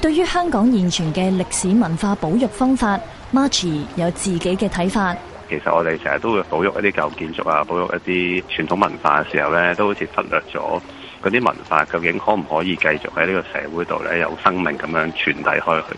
對於香港現存嘅歷史文化保育方法，March 有自己嘅睇法。其實我哋成日都會保育一啲舊建築啊，保育一啲傳統文化嘅時候咧，都好似忽略咗。嗰啲文化究竟可唔可以繼續喺呢個社會度咧有生命咁樣傳遞開去？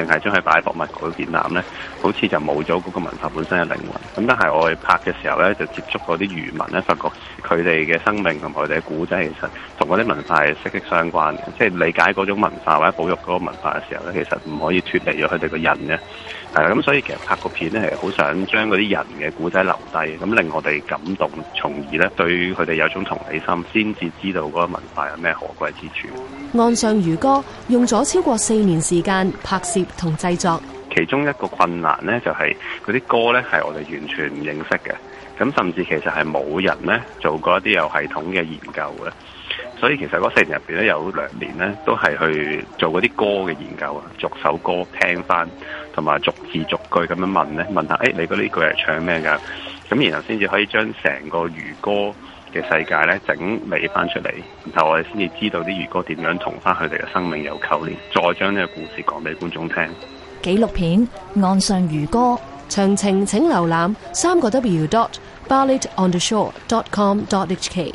淨係將佢擺喺博物館展覽咧？好似就冇咗嗰個文化本身嘅靈魂。咁但係我哋拍嘅時候咧，就接觸嗰啲漁民咧，發覺佢哋嘅生命同佢哋嘅古仔其實同嗰啲文化係息息相關嘅。即係理解嗰種文化或者保育嗰個文化嘅時候咧，其實唔可以脫離咗佢哋個人嘅。係咁，所以其實拍個片咧，係好想將嗰啲人嘅古仔留低，咁令我哋感動，從而咧對佢哋有種同理心，先至知道文化有咩可貴之處？岸上漁歌用咗超過四年時間拍攝同製作，其中一個困難咧就係嗰啲歌咧係我哋完全唔認識嘅，咁甚至其實係冇人咧做過一啲有系統嘅研究嘅，所以其實嗰四年入邊咧有兩年咧都係去做嗰啲歌嘅研究啊，逐首歌聽返，同埋逐字逐句咁樣問咧，問下誒、哎、你嗰呢句係唱咩噶？咁然後先至可以將成個漁歌。嘅世界咧，整理翻出嚟，然後我哋先至知道啲漁歌點樣同翻佢哋嘅生命有扣連，再將呢個故事講俾觀眾聽。紀錄片《岸上漁歌》，詳情請瀏覽三個 w dot ballet on the shore dot com dot hk。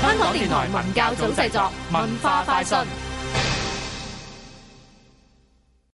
香港電台文教組製作，文化快訊。